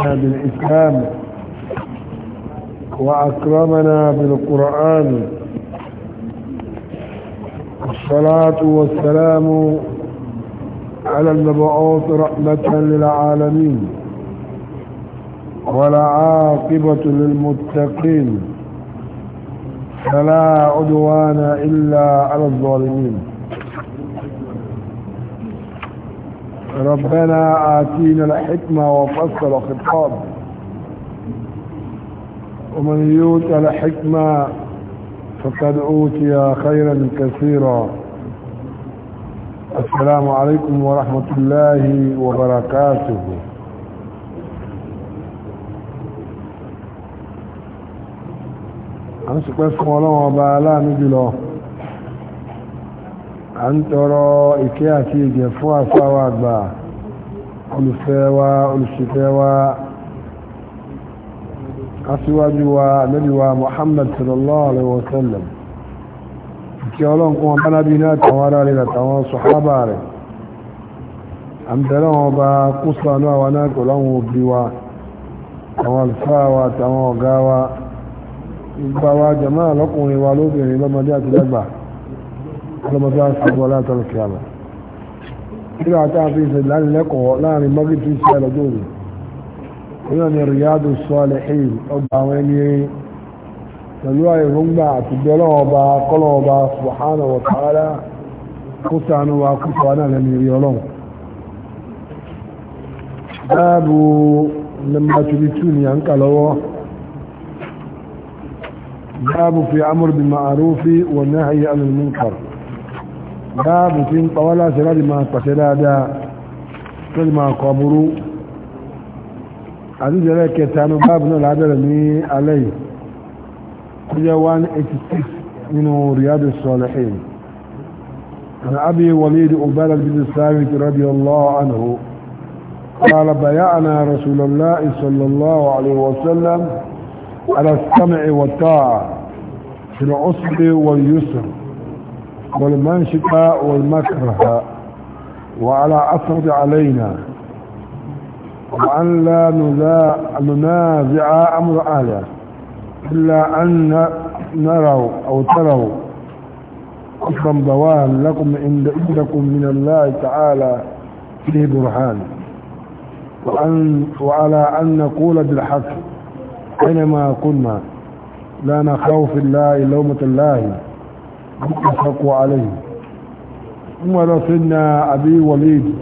بالإسلام وأكرمنا بالقرآن الصلاة والسلام على المبعوث رحمة للعالمين ولا عاقبة للمتقين فلا عدوان إلا على الظالمين ربنا آتينا الحكمة وفصل الخطاب ومن يوت الحكمة فقد أوتي خيرا كثيرا السلام عليكم ورحمة الله وبركاته أنا سكوت سمولون وبالا نجلو a ń tọrọ ìkẹ́ àti ìgẹ̀ fún àfáwà àgbà olùfẹ́ wa olùṣèfẹ́ wa aṣíwájú wa ànábì wa Muhammad sallallahu alaihi wa sallam ìkẹ́ ọlọ́nkún wọn bánábí náà tàwọn ará rẹ̀ àtàwọn sọ̀hábà rẹ̀ àmìtẹ́lẹ̀ wọn bá kó sànú àwọn náà pẹ̀lú àwọn òbí wa àwọn àlùfáà wa àtàwọn ọ̀gá wa gbogbo àwa jàmáà lọ́kùnrin wa lóbìnrin lọ́mọdé àti lágbàá ọlọ́mọdé àṣàbọ̀ látọ̀rọ̀ kìámà nígbà tá a fi ṣe lánilẹ́kọ̀ọ́ láàrin mọ́gì tí ṣe lọ́jọ́ òní nínú ni Riyadu Salihin ọba àwọn ẹni pẹ̀lú àìrúngbà àti bẹ́lọ́ ọba kọ́lọ́ ọba subhanahu wa ta'ala kó sànú wa kó sọ náà lẹ́nu rí ọlọ́run báàbù lẹ́mbà tù ní à lọ́wọ́ báàbù fi amúrùbí ma'arufi wa nahyi anil باب في طوالا سلال ما تسلادا كل ما قبرو عزيز الله كتانو باب نول عدل مي علي كل يوان اتتف من رياض الصالحين عن أبي وليد أبال بن الثابت رضي الله عنه قال بيعنا رسول الله صلى الله عليه وسلم على السمع والطاعة في العصر واليسر والمنشطة والمكره وعلى أفرض علينا وأن لا ننازع أمر أهله إلا أن نروا أو تروا أصلا ضوان لكم عندكم من الله تعالى فيه برهان وأن وعلى أن نقول بالحق حينما كنا لا نخوف الله لومة الله متفق عليه عمر سيدنا أبي وليد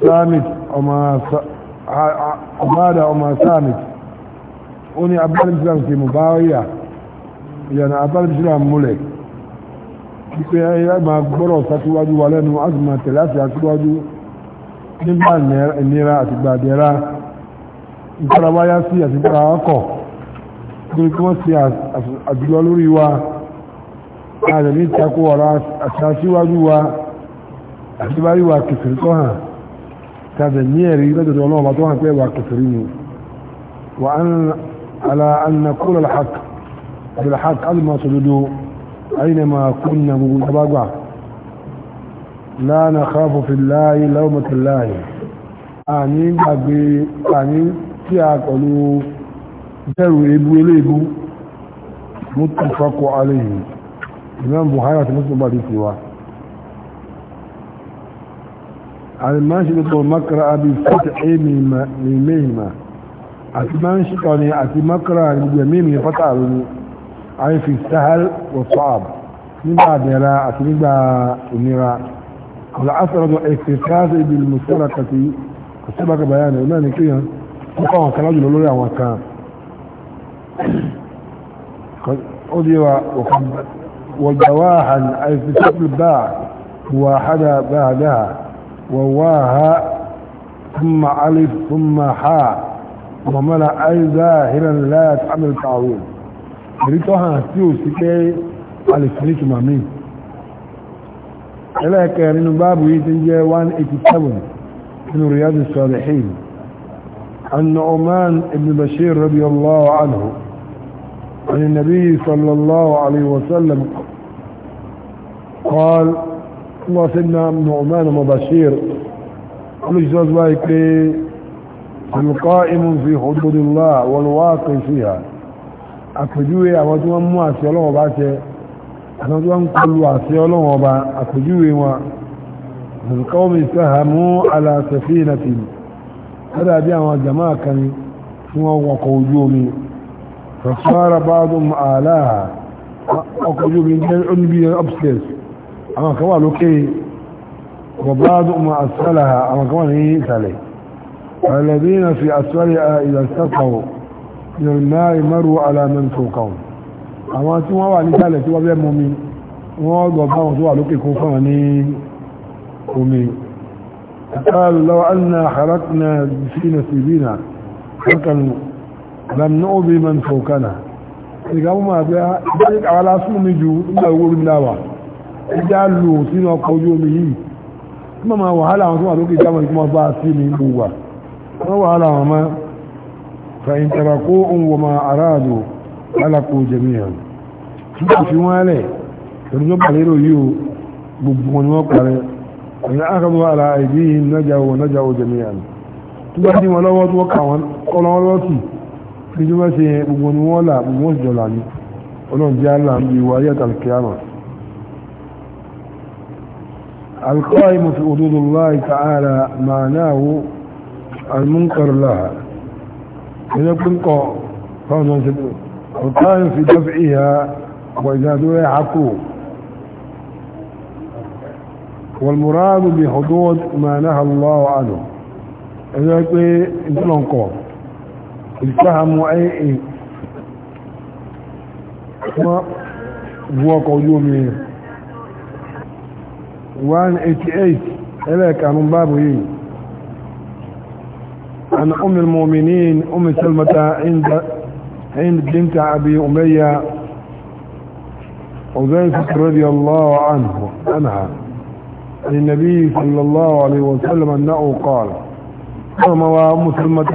سامت أما عبادة أما سامت أني أبدال الإسلام في مباوية يعني أبدال الإسلام ملك ma gbọ́rọ̀ sátúwájú wa lẹ́nu azùmọ̀tẹ̀ láti àtúwájú nígbà nira àti gbàdẹ̀ra ìtàràwáyá sí àti ìtàràwákọ̀ọ́ ní kí wọ́n ti àjùlọ lórí wa ààrẹ ní takò ọ̀rọ̀ àṣàṣíwájú wa àṣíwájú wa kìfìrí tó hàn tàbí ní ẹ̀rí lọ́dọ̀dọ̀ ọlọ́ọ̀bá tó hàn pé wà kìfìrí ni wà án ala anna kúrò alhaq alhaq alma sọdodo aina ma kunna gbogbo tabagba la nakhafu fillahi lawmatallahi a ní gbàgbé a ní tí a pẹ̀lú ìfẹ́rù ebu eléèbú muttafaqun alayhi imam buhari àti muslim bá di ti wa alimanṣe tó makara abi fata mimehima àti máa ń ṣíkọ ni àti makara gbogbo mímu ni fata àrùn ni àyè fi sahal wa sa'ab nígbà àdẹ̀ra àti nígbà òmìnira àwọn asọ̀rọ̀ ẹ̀fẹ̀káṣẹ́ ibi mùsùlùmí kàti kò sábà kàbáyà ní kíyàn ó kọ́ àwọn kan lájùlọ lórí àwọn kan قضي وجواها أي في شكل الباع واحدة بعدها وواها ثم ألف ثم حاء وملا أي ظاهرا لا تعمل تعويض ريتوها سيو سيكي ألف ريك مامين إلا كان باب ويتنجي 187 من رياض الصالحين عن نعمان بن بشير رضي الله عنه عن النبي صلى الله عليه وسلم قال الله سيدنا نعمان مبشير قال جزاز بايك القائم في حدود الله والواقع فيها àpèjúwe àwọn tí wọ́n mú àti ọlọ́wọ́ bá tẹ àwọn tí wọ́n ń kọlu àti ọlọ́wọ́ bá àpèjúwe wọn nǹkan ìsáhà mú aláṣẹ́fẹ́ ìnàtìmù lọ́dàbí àwọn jama'a kan tí wọ́n wọkọ̀ ojú omi فصار بعض آلاها أخرجوا من جل أنبي أبسس أما كمان أوكي وبعض ما أسفلها أما كمان هي سالي فالذين في أسفلها إذا استقوا من الماء مروا على من فوقهم أما تما وعلي سالي تما بيا مؤمن وضع بعضهم تما لوكي كوفاني أمين قال لو أنا حركنا في نسيبنا حرقا lam nu'bi man fawkana ìgbà mú máa bẹ́ ìgbà àwọn aláṣùn mi ju nígbà owó orí láwà ìjà lò sínú ọkọ̀ ojú omi yìí tí wọ́n máa wàhálà àwọn tó wà lókè ìjámọ̀ ìkúmọ̀ bá sí ní ìlú wà wọ́n wàhálà àwọn máa fẹ̀yìn tẹ̀rà kó ń wọ máa aráàlú alákò jẹmíyàn tí kò fi wọ́n lẹ̀ pẹ̀lú tó pàlérò o gbogbo wọn ni wọ́n parẹ́ ìyá akọ̀tọ̀ wà láà ìdí nájà ò nájà ò jẹmíyàn tí wọ́n dí wọn gbogbo ni wọ́n là gbogbo ní bi wà القائم في حدود الله تعالى معناه المنكر لها إذا كنت القائم في دفعها وإذا دولها والمراد بحدود ما نهى الله عنه إذا كنت لنقوم ìtàhàmù ayé wọ́n wú ọkọ̀ ojú omi rẹ̀ 188 ẹlẹ́ẹ̀kanu báàbù yìí عن أم المؤمنين أم سلمة عند عند بنت أبي أمية أزيفة رضي الله عنه عنها عن النبي صلى الله عليه وسلم أنه قال قام ومسلمة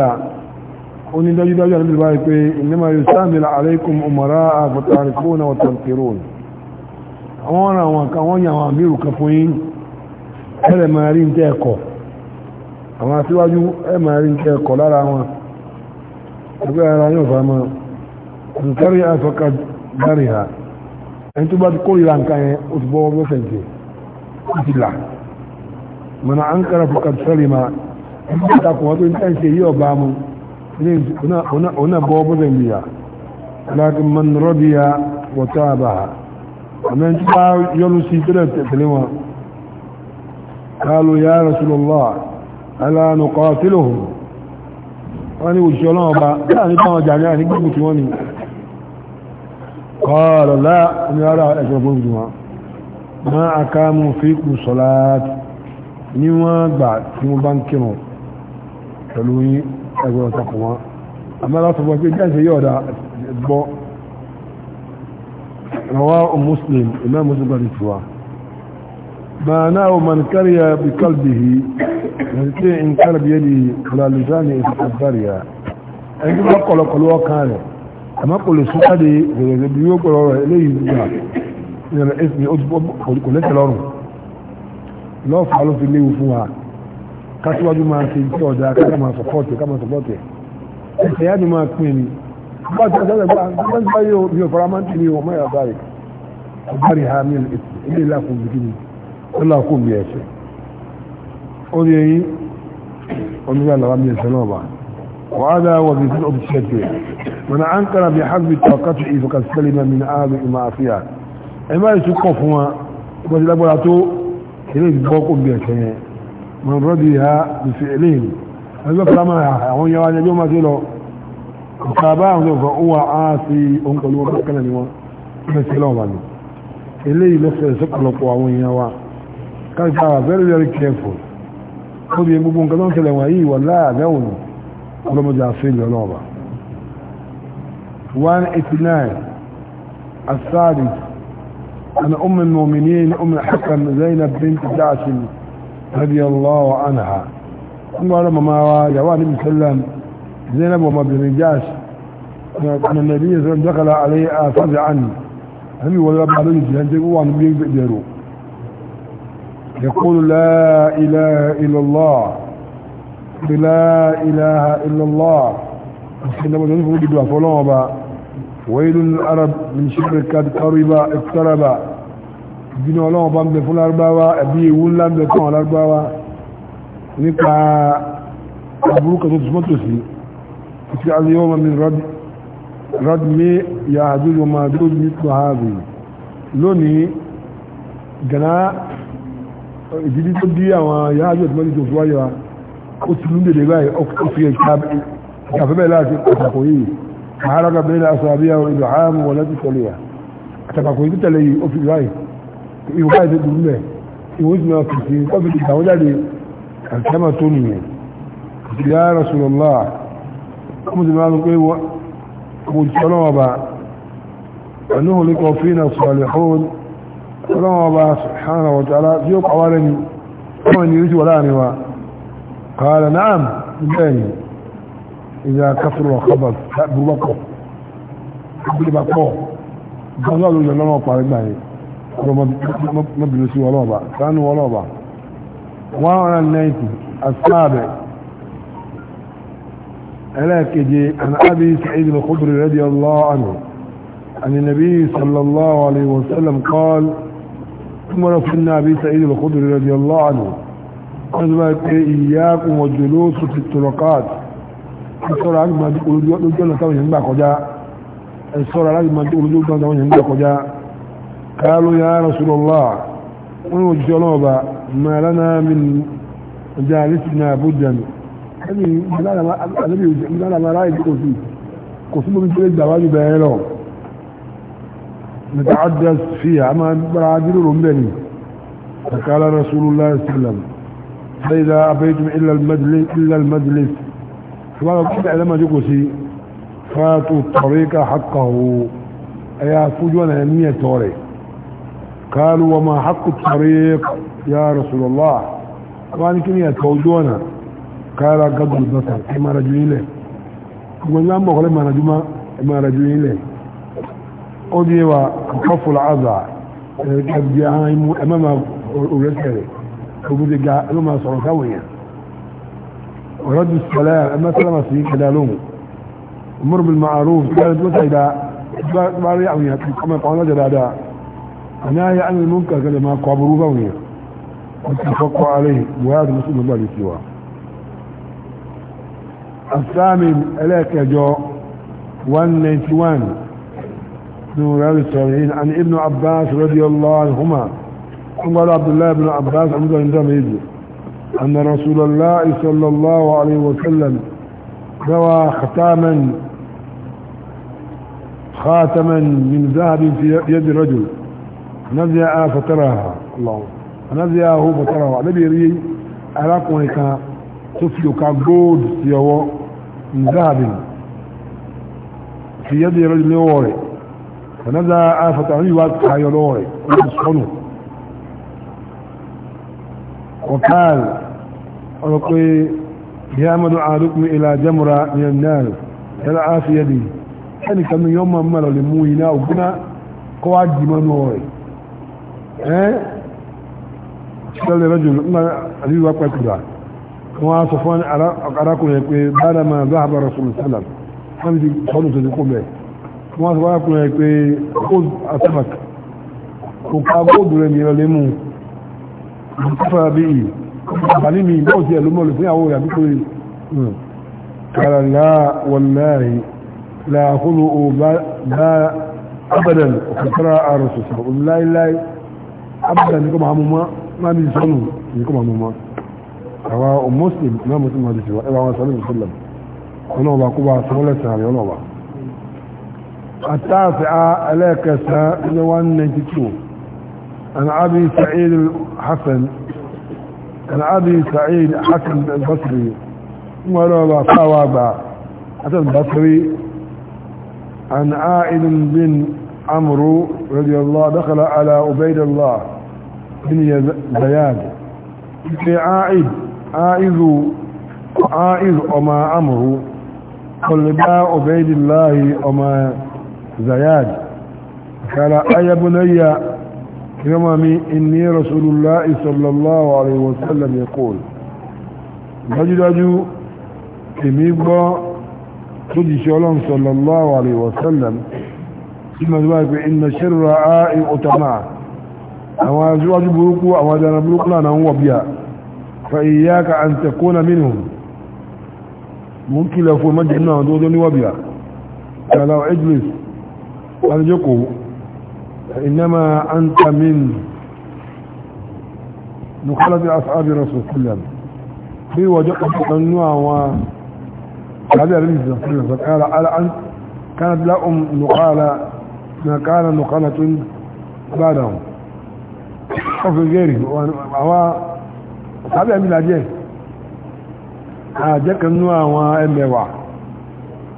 oni dájúdájú àti ìbáyé pé innama yusamila alaykum umara fatarikuna wa tanqirun àwọn ọ̀rọ̀ àwọn kan wọ́n yàn àwọn àmìrù kan fún yín ẹ̀rẹ̀ máa rí ní ẹ̀kọ́ àwọn aṣíwájú ẹ̀ máa rí ní ara yóò fa mọ́ ọ̀tùkárí àfọ́kà dárí ha ẹni tó bá ti kórìíra nǹkan yẹn ó ti bọ́ ọgbọ́n fẹ̀ǹtì ó ti là mọ̀nà àǹkàrà fọ́kà sọ́lì ma ẹni هنا بوب ذنبيا لكن من رضي وتابها ومن تبع يلسي ثلاثة كلمة قالوا يا رسول الله ألا نقاتلهم wọ́n ni òṣìṣẹ́ ọlọ́wọ́ bá láàrin bá wọn jàrí àní gbogbo tí wọ́n ni kọ́ọ̀lọ̀ láà ní ara ẹ̀ṣọ́ gbogbo wọn ma a ká mú fíkù sọ́lá ní wọ́n gbà tí wọ́n bá ń kírun pẹ̀lú yìí ẹgbẹ́ ọ̀tọ̀ kọ̀ wọ́n àmọ́ láti bọ́ pé jáde yóò dá gbọ́ rọwá muslim imam muslim gbọ́dọ̀ tí wa من كري بقلبه يستطيع ان كرب يده على لسانه يتكبرها ẹgbẹ́ bá kọ̀lọ̀kọ̀lọ̀ ọkàn rẹ̀ àmọ́ kò lè súnkáde gẹ̀gẹ̀gẹ̀ bí yóò pẹ̀lú ọ̀rọ̀ eléyìí gbà ìrìnà ẹ̀sìn kò lẹ́tẹ̀ lọ́rùn lọ́ọ̀fà ló fi kásíwájú máa ṣe tí ọ̀dá káàkiri máa sọ̀pọ̀tì káàkiri máa sọ̀pọ̀tì ẹ̀sẹ̀ yá ni máa pín ní bá ti ọjọ́ ẹgbẹ́ agbẹ́gbẹ́ yóò bí ọ̀fọ́ra máa ń tì ní ọmọ ẹ̀yà báyìí ọgbàrí ha ní ilé ìlàkùn bí kíni ó làkùn bí ẹ̀ṣẹ̀ ó ní ẹ̀yìn onígbà làwọn mi ẹ̀ṣẹ̀ náà bá وهذا وظيفة أبشرته من من رديها بفعلين هذا فلما يعون يوان يجوم كيلو متابعهم فهو عاصي أنقل ومكنا نوا نسلوه بعد إليه لسه سقلوا قواوين يوا كان فهو very very careful خذ يمبون كذون كلمة إيه ولا دون ولم جاسين لنوبة 189 الثالث أنا أم المؤمنين أم الحكم زينب بنت جاشم رضي الله عنها قال ما جوان النبي صلى الله عليه وسلم زينب وما بن نجاش أن النبي صلى الله عليه وسلم دخل عليه فزعا هم ولا بعدين جنتك وان بيقدروا يقول لا إله إلا الله لا إله إلا الله حينما نفهم بدوا فلوبا ويل العرب من قد قرب اقترب ìbínú ọlọ́wọ́ bá ń bẹ fún lárúbáwá àbí ewu ńlá ń bẹ fún àwọn lárúbáwá nípa àbúrúkọ tó túnmọ́ tó sí ìfí aliyọ́mọ mi rọ́dìmí ya àdúgbò máa dúró ní tó ààbò lónìí gana ìdílé tó dí àwọn ya àjọ tó mọ́lì tó fi wáyà ó ti lún dèdè báyìí ó fi ìkàfẹ́bẹ̀ láti àtàkò yìí àárọ̀ yìí tẹ̀lé yìí ó fi wáyìí يبادر بالله يوزن وكثير قبل الأولاد كما تنمي يا رسول الله قمت بمعنى القيوة قمت صنوبة أنه لقوا فينا الصالحون صنوبة سبحانه وتعالى زيوك عوالني ومن يريد ولا نوا قال نعم مجاني إذا كفر وخبر تأبو بقو تأبو بقو ضغلوا لنا وطالبناه مجلس ولوبة كانوا ولوبة وعلى النيتي السابع ألاك جي عن أبي سعيد الخضري رضي الله عنه عن النبي صلى الله عليه وسلم قال ثم فينا أبي سعيد الخضري رضي الله عنه أزمت إياكم والجلوس في الطرقات الصورة عجب ما تقولوا جوانا تاوين ينبع قجاء الصورة عجب ما تقولوا جوانا تاوين ينبع قالوا يا رسول الله ونوجه الجنوب ما لنا من جالسنا بدا يعني هذه لا ما رايك فيه قسم من جلد دواجي بيانهم نتعدس فيها اما برادل رمبني فقال رسول الله صلى الله عليه وسلم فإذا أبيتم إلا المجلس إلا المجلس فما كيف لما جكسي فاتوا الطريق حقه أيا فوجونا أمية طريق قالوا وما حق الطريق يا رسول الله ولكن يتوجونا قال قدر البصر كما رجل إليه قلنا أما قال ما رجل ما رجل إليه أدي وكف العزاء قد جاءهم أمام الرسالة وبدي جاء لما صعوكوية ورد السلام أما سلم سيئ كدالهم أمر بالمعروف قالت متى إذا ما ريعوني كما قلنا جدا أنا عن المنكر قال ما قابلوا بوني واتفقوا عليه وهذا مسؤول الله سواه الثامن إليك جو 191 نور الصالحين عن ابن عباس رضي الله عنهما قال عبد الله بن عباس عمد عندما يجي أن رسول الله صلى الله عليه وسلم روى ختاما خاتما من ذهب في يد رجل anabi a fatara lọ anabi a hó fatara wa anabi rí arákùnrin kan tó fi òka gold sí ọwọ́ nzahabi fi yẹ́dì ẹ̀rọ ilé ọwọ́ rẹ̀ a fatara yìí wá tayọ lọ́wọ́ rẹ̀ wọ́n sọnù ọ̀kaàlì ọ̀rọ̀ pé ya amadu ahadukum ila jamura min an-nar yala afiyadi ẹnìkan ni yọ́n máa mọ̀ lọ́lẹ̀ mú iná ògúnná kọ́wàá ẹ́ ṣẹlẹ̀ rẹ́jùn àríwá pẹ̀kùdà wọ́n á sọ fún arákùnrin pé bára máa bá àbára sọ̀rọ̀ sálàm wọ́n ti sọ́nù tó ti kó bẹ̀ wọ́n á sọ fún arákùnrin pé ó àtàbàk kò ká góòdù rẹ̀ nìyẹn lé mú ìfúnfà bí i àbálí mi bọ́ọ̀ sí ẹ̀lú mọ́lù fún ìyàwó rẹ̀ àbíkó rẹ̀ hmm. kàrà láà wọ́n abúlé ní kó máa mú mọ́ máa bí sọ́nù ní kó máa mú mọ́ àwa muslim náà muslim máa dìtìwá ẹwà wọn sọ́nù muslim ọlọ́ọ̀bà kó bá sọ́nù lẹ́sẹ̀ rẹ̀ ọlọ́ọ̀bà àtàfẹ́ ẹlẹ́kẹsẹ̀ ní 192 عن أبي سعيد الحسن عن أبي سعيد حسن البصري ولولا صوابا حسن البصري عن عائد بن عمرو رضي الله دخل على عبيد الله بن زياد في عائد عائذ عائذ وما أمره قل لا عبيد الله وما زياد قال أي بني يمامي إني رسول الله صلى الله عليه وسلم يقول dájúdájú أجو كميبا tó di صلى الله عليه وسلم ثم ذلك إن الشراء أتماع أما أزواج بروكو أما دانا بروكو لنا هو بيا فإياك أن تكون منهم ممكن لو فو مجعلنا ودودني وبيا فلو اجلس أرجقه إنما أنت من نخلد أصحاب رسول الله في وجقة النوع و هذا رجل صلى الله عليه وسلم قال ألا أنت كانت لهم نقالة ما كان نقلة بعدهم وفي غيره وهو tàbí ẹ̀mí làjẹ́ àjẹ́kẹ̀ẹ́nú àwọn ẹmẹ̀wà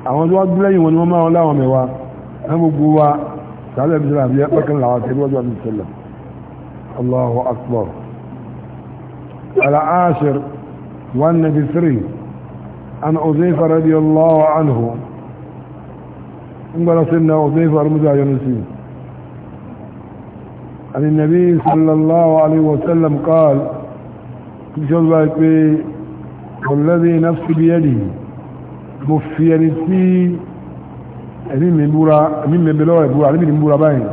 àwọn tó wá gbílẹ̀yìn wọn ni wọ́n máa láwọn mẹ̀wà ní gbogbo wa tàbí ẹ̀mí làjẹ́ pẹ́kẹ́ làwọn tẹ́lú ọjọ́ àmì ìṣẹ̀lẹ̀ Allahu akbar al-ashir 193 an Uzayfa radiyallahu anhu انقل سنة وضيف ارمزا ينسي عن النبي صلى الله عليه وسلم قال جل والذي نفسي بيده مفيانتي من بورا من بلوه بورا من بورا باين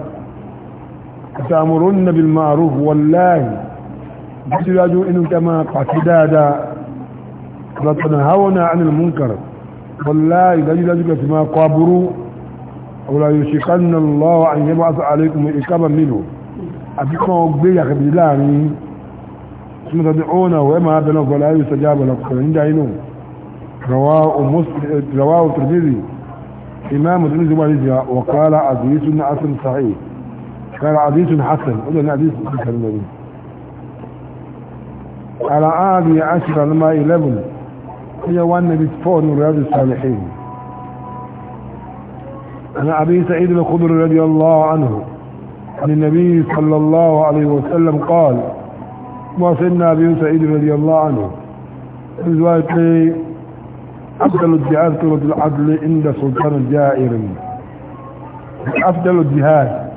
أتأمرن بالمعروف والله بسلاجو إنو كما قتدادا لتنهون عن المنكر والله بسلاجو كما قابروا ولا يشكن الله أن يبعث عليكم إكابا منه ابيكم أبقى يا كبيراني ثم تدعونه وما بنه فلا يستجاب لكم عند عينه رواه مسلم رواه الترمذي إمام الترمذي وعليه وقال عزيز حسن صحيح قال عزيز حسن قلنا عزيز حسن النبي على عادي عشر لما 11 هي 1 بيت 4 من رياض الصالحين عن أبي سعيد الخضر رضي الله عنه عن النبي صلى الله عليه وسلم قال ما سيدنا أبي سعيد رضي الله عنه رواية لي أفضل الجهاد كرة العدل عند سلطان جائر أفضل الجهاد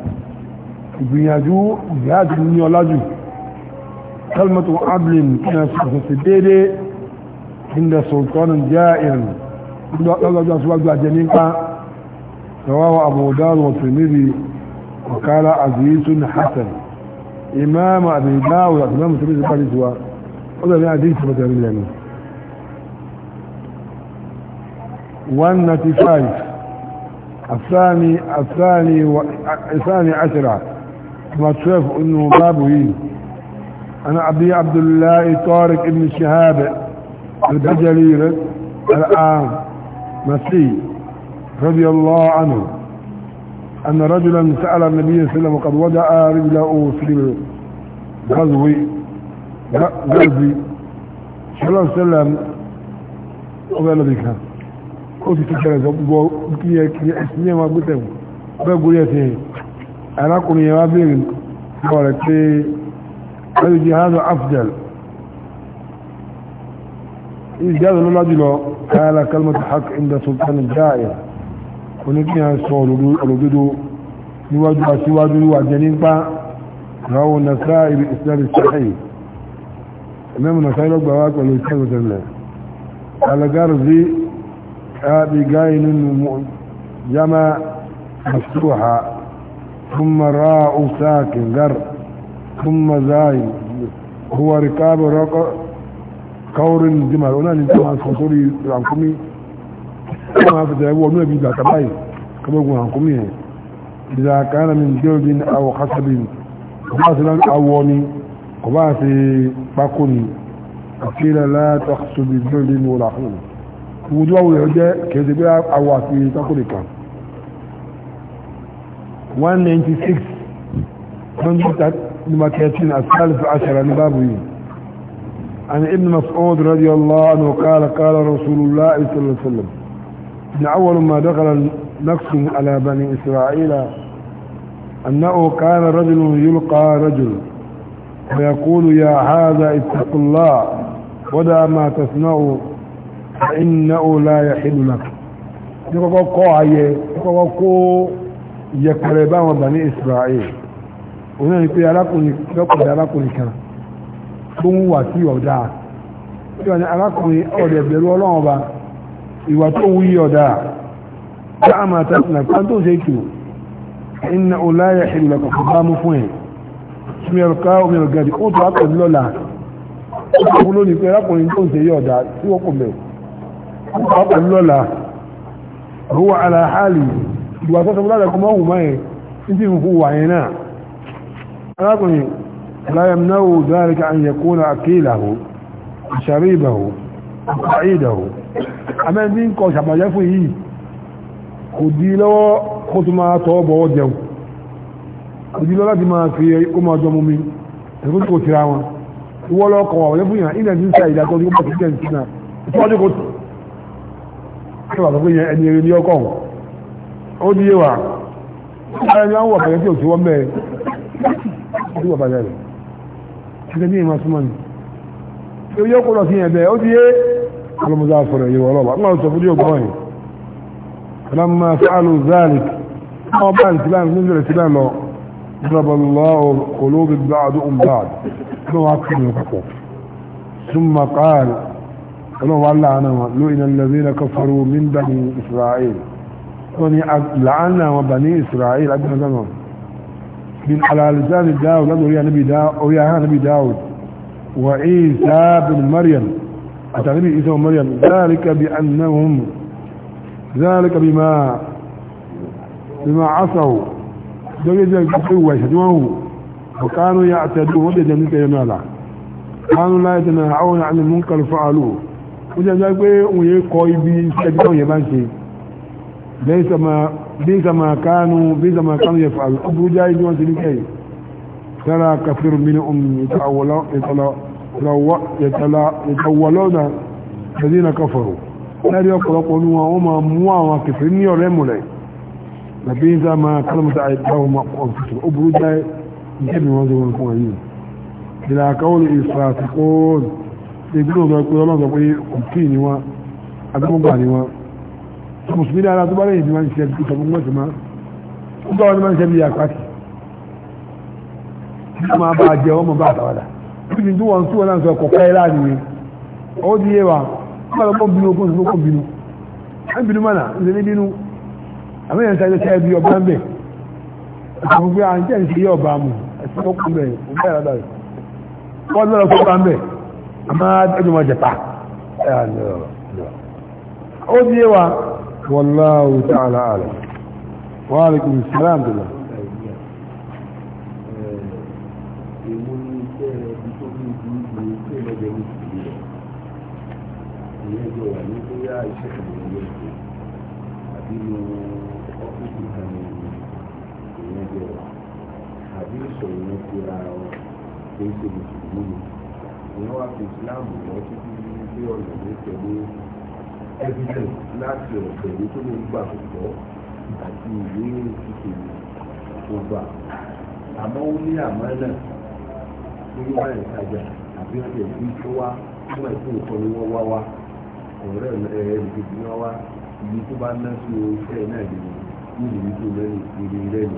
ìgbìyànjú jihadi ní ọlájú kalmatu adlin kina sọ̀sọ̀sọ̀ dédé inda sultanin ja'irin lọ́gbàjọ́ aṣíwájú àjẹ́ nípa رواه أبو دار والترمذي وقال عزيز حسن إمام أبي داود إمام الترمذي قال إسوا هذا من حديث مثلا لنا 195 الثاني الثاني و... الثاني عشرة ما تشوف انه بابه انا ابي عبد الله طارق ابن شهاب البجلي الان مسيح رضي الله عنه أن رجلا سأل النبي صلى الله عليه وسلم وقد وضع رجله في الغزو غزو صلى الله عليه وسلم أولا بك قلت تكرز كي اسمي ما قلت بقول يتي أنا أقول يا بير قالت لي هذا أفضل إذ جاز الله قال كلمة حق عند سلطان الجائر oníkíyàn sọ òdòdó níwájú àṣíwájú àjẹ́ nípa ráwọ̀ nasá ibi ìsìlámi sáàyè ẹ̀mẹ́mù nasá ìlọ́gbà wá pẹ̀lú ìsìlámi sẹ́lẹ̀ alagaruzi àbí gáyì nínú yama masuha ثم راء ساكن غر ثم زاين هو ركاب رق قور الجمل هنا نتوقع عن خطوري عنكمي wọ́n á fẹ̀sẹ̀ wọ́n náà bí ìgbà kaba yìí kaba gun àkúmí yẹn ìdá kánà mi jẹ́ òbí ní àwọ̀ kásábì kò bá sí awọ ni kò bá sí pákó ni àfihàn látọ̀ sóbi jẹ́ òbí ní wọ́n àkúmí gbogbo tó wà wọlé ọjẹ́ kìí ṣe bí awọ àti pákó nìkan 196 لما كاتين الثالث عشر عن بابه عن ابن مسعود رضي الله عنه قال قال رسول الله صلى الله عليه وسلم إن أول ما دخل نفس على بني إسرائيل أنه كان رجل يلقى رجل ويقول يا هذا اتق الله ودع ما تسمع فإنه لا يحل لك يقول قوعي يقول قوع يقربان بني إسرائيل òun ni pé arákùnrin arákùnrin kan tó ń wà sí ọ̀dá tí wọ́n ni arákùnrin ìwà tó wú yí ọ̀dá tá a máa tàbí náà kan tó ṣe kí iná oláyà ìlọ́kọ̀ kò bá mú fún ẹ̀ ṣmẹ́rọ̀ká omi ọ̀gẹ̀dì ó tó ápẹ̀ lọ́la ó tó wúlò ní pé rákùnrin tó ń ṣe yí ọ̀dá tí wọ́n kò mẹ́ ó tó ápẹ̀ náà arákùnrin láyẹ̀ náà amẹ́bí ń kọ ṣàbàjẹ́ fún yìí kò dí lọ́wọ́ kó tó máa tọ́ bọ̀wọ́ jẹun kò dí lọ́wọ́ láti máa fi kó máa jọ mumi ẹ̀kọ́ tó kò tira wọn ìwọ́ lọ́wọ́ kọ̀ wọ̀nyẹ́ fún yàn ilẹ̀ ti ń sa ìdájọ́ tó kọ́ sílẹ̀ sí náà ìtọ́jú kò tó kí wà lọ́gbẹ́ yẹn ẹni eré ní ọkọ̀ ó ní yé wa ara ni wọ́n wọ̀ bàjẹ́ tí ò sí wọ́n bẹ́ẹ̀ ó sì bàjẹ́ rẹ̀ ṣe ní ìmọ̀ súnmọ́ ni ó yẹ kó lọ sí yẹn bẹ́ẹ̀ ó ti yé المزافر أيها الله الله تفضي وقرأي لما فعلوا ذلك طبعا الاسلام نزل الاسلام ضرب الله قلوب ام بعض لو من الكفر ثم قال ولو الله انا لئن الذين كفروا من بني اسرائيل وني لعنا وبني اسرائيل عندنا زمان من على لسان داود يا نبي داود يا نبي داود وعيسى بن مريم التغريب عيسى ومريم ذلك بأنهم ذلك بما بما عصوا دوجة القوة يشدوه وكانوا يعتدون وجد منك ينالا كانوا لا يتناهون عن المنكر فعلوه وجد ذلك ويه قوي بيستجدون يبانشي ليس ما ليس ما كانوا ليس ما كانوا يفعلون أبو جاي جوان سنكي ترى كثير منهم يتعولون يتولون الذين كفروا لن يقلقون وما مواما كفرين يرموا لي لبين ذا ما كلمة عيدهم وانفسهم أبرو جاي يجب نوازه ونكون عيين إلى قول إسراتقون يقولون ذا يقول الله ذا قمتيني و أدام باني و المسلمين على دبالي يجب أن يشتركوا تبقوا ما قلت أن من سبيا كاتي ما بعد يوم ما بعد ولا bí ní wọn tí wọn náà sọ ẹ̀kọ́ káyé láàrin yẹn ọwọ́ di yé wa nígbà tó kọ́ bínú okùn tó kọ́ bínú ẹ bínú mọ́nà ń sẹ́ni bínú àmì yẹn sáré sáré bí ọba ń bẹ̀ àwọn gbé àwọn jẹ́ ìṣe yé ọba mu ẹ̀sìn tó kù bẹ̀ ọba yàrá bẹ̀ wọ́n lọ́rọ̀ fún ọba ń bẹ̀ àmà ẹjọ́ wọn jẹ̀ pa ọwọ́ di yé wa wallahu ta'ala nínú ọ́fíìsì kan ní ìyẹn bí wà àbí ìṣòro ti ra ọ pé ṣe mùsùlùmí ni ìyẹn wá fi ìsìláàmù lọ títí bí ọ̀nà ní pẹ̀lú ẹ̀fíṣẹ̀ láti ọ̀pẹ̀ ìwé tó lè gbà pọ̀ àti ìwé àmọ́ ó ní àmọ́ náà ìtajà àbí tó wá fún ìkọ́ni wọ́n wá wá ìlú tó bá ná sí o fẹ́ náà lè ní ìlú tó lẹ́nu ìlú lẹ́nu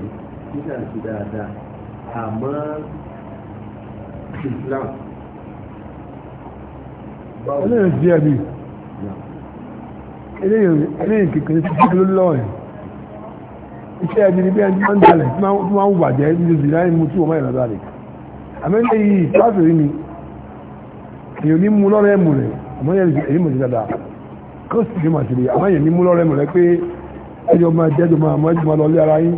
títà sí dáadáa àmọ́ Islam. eléyìí ti ẹ̀bi eléyìí kékeré ti fi lórí lọ́ọ̀rẹ́ iṣẹ́ ẹ̀bi ni bí ẹni máa ń dalẹ̀ tí máa ń wù bàjẹ́ ní láì mú tí wọ́n máa yàrá rẹ̀ àmẹ́lẹ́ yìí ìtàkùn yìí ni èèyàn ní mú lọ́rẹ́ mú rẹ̀ àmọ́ yẹn èyí mọ̀ sí dáadáa kó sì fi màṣìlè àmọ́ yẹn ní mú lọ́rẹ́ mọ̀lẹ́ pé ẹjọ́ máa jẹ́jọ́ máa mọ́ ẹjọ́ máa lọ lé ara yín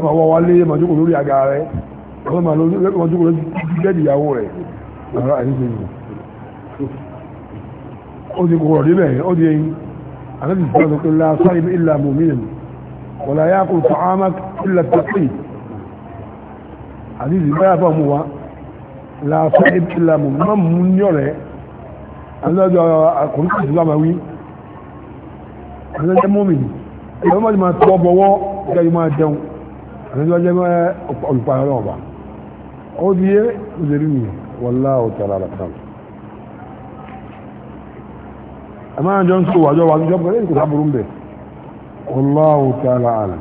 wọ́n máa wọ́ wálé màjúkò lórí àga rẹ̀ wọ́n máa lọ màjúkò lórí bẹ́ẹ̀dì ìyàwó rẹ̀ ara ẹ̀yìn ṣe yìí ó ti kòkòrò débẹ̀ ó di ẹyin àtàkì ìfẹ́ ọ̀sẹ̀ ńlá sáré bí ìlà mòmìnì wọ̀lá yá kò fọ́ ámá ìlà tẹ́pì àti ìfẹ́ àbá mu wa la sáré ìlà mòmìnì mọ́ mú ní ọ̀rẹ́ àti ọjọ́ àkùnrin tó ti bá ma wí àtàlẹ́ jẹ́ mọ́mì ẹ̀rọ máa máa tọ́ bọ̀wọ́ ẹ̀rọ yóò máa jẹun àtàlẹ́ jẹ́ mọ́ eh, olùpàá ọlọ́run ọba ó di yé òṣèré mi wọlá òtàrà àlàkàlà àmà àjọ ń sọ wàjọ wàjọ jọ pẹ̀lú ìkòtà burú ń bẹ̀ wọlá òtàrà àlà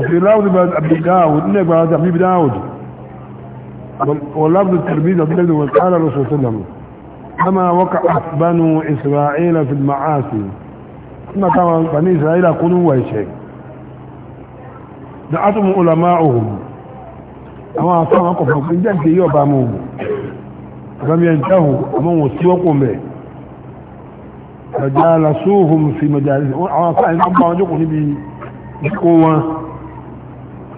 وفي لفظ ابي داود انك بعد ابي داود واللفظ الترمذي قال الرسول صلى الله عليه كما وقع بنو إسرائيل في المعاصي كما كما بني إسرائيل كنوا وشيء دعتهم علماؤهم أما أصلا قفوا من جنس يوبا موم لم ينتهوا أما وسوقهم به فجالسوهم في مجالسهم أما أصلا أما وجقهم بقوة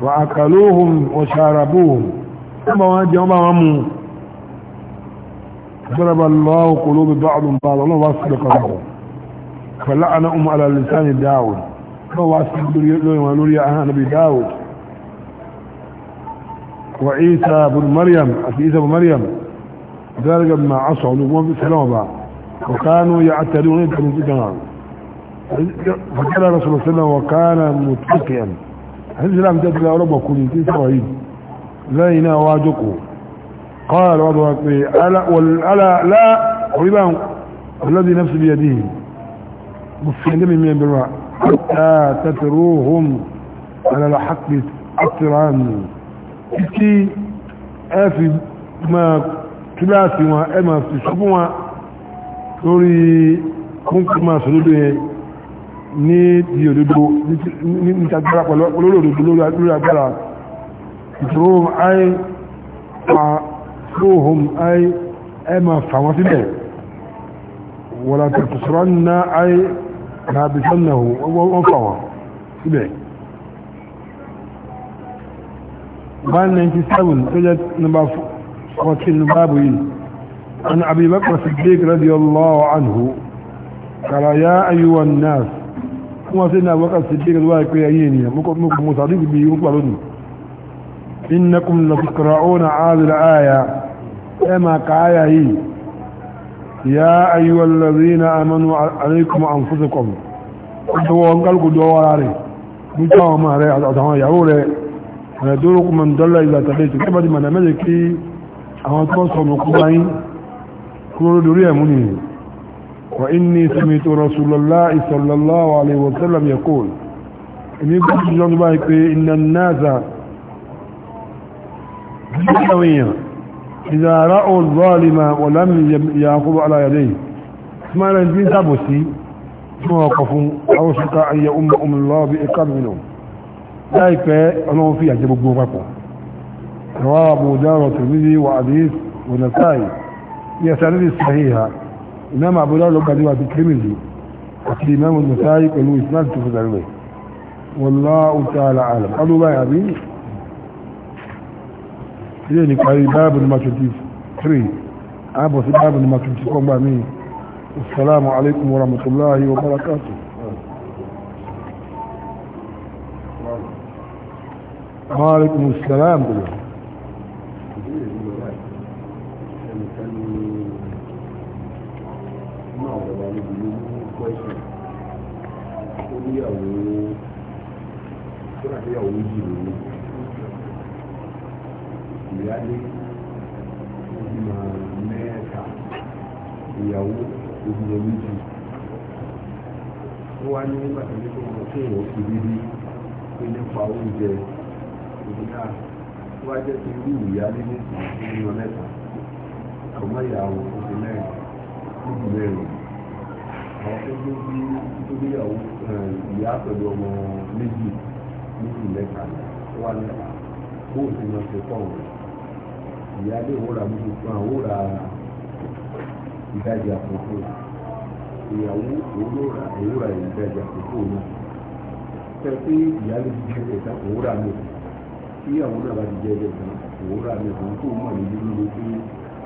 وأكلوهم وشاربوهم أما وجقهم أمامهم ضرب الله قلوب بعض بعض الله واسد قلبه فلعن أم على لسان داود الله واسد لوريا أها نبي داود وعيسى بن مريم عيسى بن مريم ذلك ما عصوا نقوم بسلامة وكانوا يعتدون يدخلوا في الجنة فقال رسول الله صلى الله عليه وسلم وكان متقيا هل سلام رب وكل كنت سوهيد لا ينا واجقوا قال وضع ألا لا قريبا الذي نفس بيده مفهدم من البراء حتى تتروهم على الحق أطران إكي آفي ما كلاسي وإما في شبوة lórí kúnkún máa sọ̀dọ́dọ́ yẹn ní di òdòdó ní tàbí pẹ̀lú olóòdòdó lórí agbára ìṣòro ayé روهم أي أما فهمتنا ولا تكسرن أي لابسنه وانفوا سبعي بان 97 تجد نبا وكل بابين عن أبي بكر الصديق رضي الله عنه قال يا أيها الناس وما سيدنا بكر الصديق الواقع يعيني ممكن مصادق بيه مقبلون إنكم لتقرؤون هذه الآية كما كآية هي يا أيها الذين آمنوا عليكم أنفسكم أنتوا أنقلقوا دواري مجاوة ما رأي أتعوى يعولي ويدوركم من دل إذا تبيت كما دي من ملكي أما توصوا مقبعين كنوا دوري أموني وإني سمعت رسول الله صلى الله عليه وسلم يقول إني قلت جنبائك إن الناس سويا إذا رأوا الظالم ولم يأخذوا على يديه ما لنجين سابسي موقفوا أو شكا أن يأم أم الله بإقام منهم ذلك أنهم فيها جبوا بقوا رواه أبو دار والترمذي وحديث ونسائي هي سند صحيحة إمام أبو دار لو كان الترمذي وفي الإمام النسائي قالوا إسناد تفضل والله تعالى أعلم قالوا بقى يا بيه ilé ní parí báàbù ní matuidi 3 ààbọ̀ sí báàbù ní matuidi kọgbà mí assalamu alaikum wa rahmatullahi ìyàwó tó ní ìyáálé ọmọ mẹ́ta ìyàwó ìdílé méjì ó wá ní bàtà ní kó wọn kí wọn fi rírí pé nípa oúnjẹ ìdílá ó wá jẹ́ pé irú ìyáálé ní ìdílé mẹ́ta ọmọ ìyàwó oṣù mẹ́rin níbi mẹ́rin àwọn tó gbé bí tó gbéyàwó eh, ìyá pẹ̀lú ọmọ méjì níbi mẹ́ta ó wá ní bóòtù náà ṣe pọ̀ wọ̀nyí ìyá lè wúra múlò fún àwòrà ìdajì àkókò ìyàwó olóra òwúra ìdajì àkókò náà fẹ́ pé ìyá lè fi jẹ́ ẹ̀ta òwúra mi tí àwọn náà bá ti jẹ́ ẹ̀ta òwúra mi kò tó mọ̀ ní nínú ló pé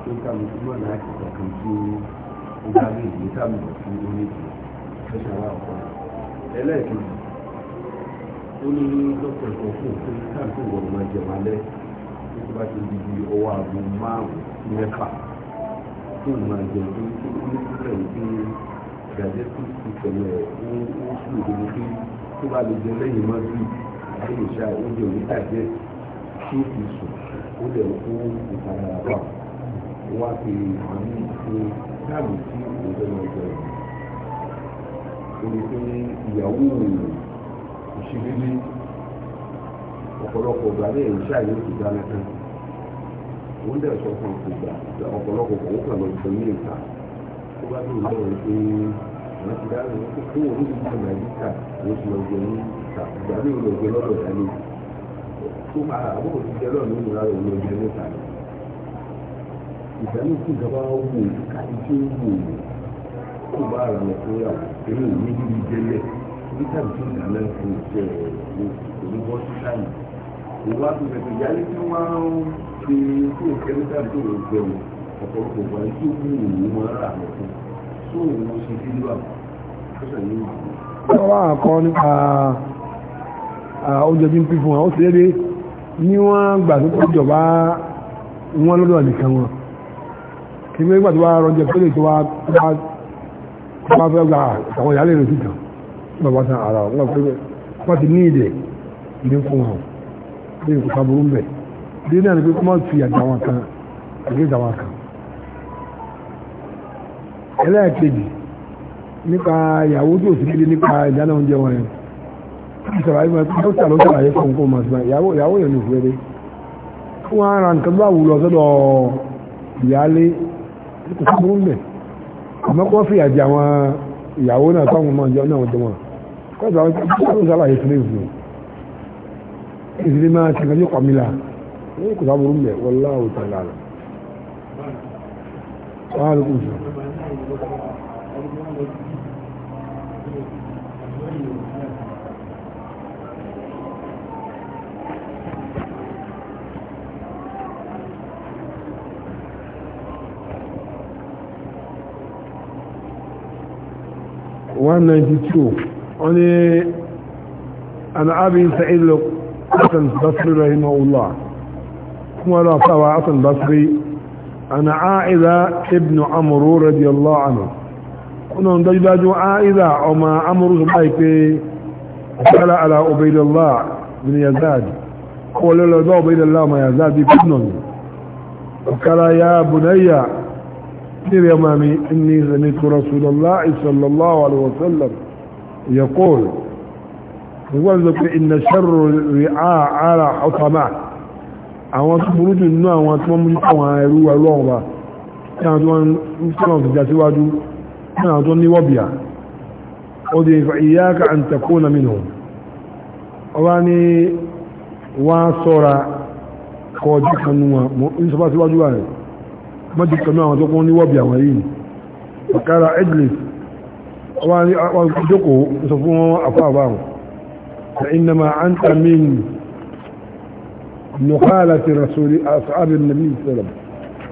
tó kálukú náà náà ti kọ̀ọ̀kan tí ó bá lè gbé sáàmù lọ sí oníjì tó ṣàwá ọ̀pọ̀ ẹlẹ́ẹ̀kejì ó ní dókítà sọ fún òfin káàkiri wọ̀n máa jẹun alẹ́ tó bá ti di bí ọwọ́ aago márùn-ún mẹ́fà tó máa jẹ pé ó ní sílẹ̀ pé digestive system ẹ̀ ó sùn lórí pé tó bá lè jẹ lẹ́yìn mọ́tì àti ìṣá oúnjẹ òní tàjẹ́ tó fi sùn ó dẹ̀ kó ìparadà wà wá pé àmì ìṣe dáàbò tí òun fẹ́ lọ jẹ orí pé ìyàwó òṣèlérí ọ̀pọ̀lọpọ̀ ọ̀gbà ní ẹ̀yìn ṣáà yóò ti dáná tán òun dẹ̀ sọ fún ọ̀gbà ọ̀pọ̀lọpọ̀ kò kàn lọ sọ ní ìta tó bá dùn lọ́wọ́ pé wọ́n ti dáná wọ́n kó òun ti dáná nàìjíríà wọ́n ti lọ jẹ ní ìta ìgbà ní ìlú ọ̀gbẹ́ lọ́dọ̀ dání tó máa àbúrò ti jẹ lọ́ọ̀ nínú ara òun ọ̀gbẹ́ níta ìgbà ní kí ìjọba wò káyí tí wò kó bá ara lọ fún yàwó èmi ò ní níbi jẹlẹ nígbà tí ìdáná fún ìṣe ẹ̀ ní onígbọ́sí sáyẹn ìwádìí rẹ̀ ìyáyé tí wọ́n ṣe tí òkèlítà tó rẹ̀ bẹ̀rù ọ̀pọ̀lọpọ̀ wà tí ó mú òun mọ́ ara rẹ̀ fún tó òun ṣe sí ìlú àwọn ọ̀sẹ̀ yìí wà. wọ́n wá àkọ́ nípa oúnjẹ tí ń pín fún wọn ó ti lédè ní wọ́n gbà tó jọba wọn lọ́dọ̀ nìkan wọn kí wọ́n gbà tó wá rọjẹ pélé tó wá fẹ́ gba àwọn ìyáálé rẹ̀ sí kan bàbá san ara wọn pé wọ́n ti ní ìdẹ̀ ìdí fún wọn bí ìkùsà burú ń bẹ̀ bí náà ni pé kó má fi àdáwọn kan àgbé àdáwọn kan ẹlẹ́ẹ̀kejì nípa ìyàwó tí ò sí kéde nípa ìdáná oúnjẹ wọn yẹn ìṣàlàyé máa tó ṣàlọ́ ṣàlàyé fún kó máa ṣùgbọ́n ìyàwó ìyàwó yẹn ní ìfúrẹ́rẹ́ fún ara nǹkan bá wùlọ sọ́dọ̀ ìyáálé kò sí burú ń bẹ̀ àmọ́ kó fi àjẹ àwọn ìyàwó náà fáwọn ọmọ ìjọ náà jọ wọn kó ìdílé máa ṣe nǹkan yóò pa mí la ní kò sábà rúmẹ̀ wallahu ta'ala rẹ̀ wọ́n á one ninety two on the an abin sa'id حسن بصري رحمه الله كما لا سوى حسن بصري أنا عائذة ابن عمرو رضي الله عنه كنا ندجداج عائذة وما عمرو سبايك قال على عبيد الله بن يزاد قول له ذا عبيد الله ما يزاد ابن وقال يا بني يا مامي إني سمعت رسول الله صلى الله عليه وسلم يقول wọ́n lọ pé iná ṣẹ́rọ rí ààrà ọ̀tọ̀má àwọn tó burú jù nínú àwọn tó mú àwọn ẹrú ọlọ́ọ̀wà tí àwọn tó wọ́n ń sọ́nà ìjà síwájú tí àwọn tó níwọ́bìá ó di ìfà ìyáka àn takuna minhum ọba ní wá sọ́ra kọjú kanú فإنما أنت من نخالة رسول أصحاب النبي صلى الله عليه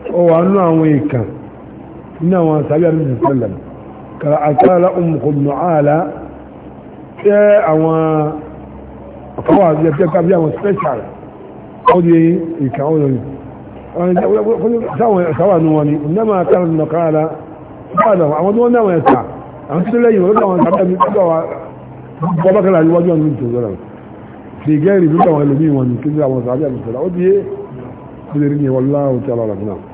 وسلم وأنه أويك إنه أصحاب النبي صلى الله عليه وسلم كأكال أمكم نعالة أو فواز يبتكى بيهم سبيشال قولي يكعون سواء نواني إنما كان النقالة بعده أما دون نواني سعى أنت لي ولد أما سعى bọ́bá kan láti wájú ọdún tó lọ́rọ̀ lè gẹ́rì lórí àwọn ẹlòmíì wọn ní kí ní àwọn sàájá ìṣẹ̀lá ó di é ó lè rí ní wọlá òtí alọ́rọ̀ náà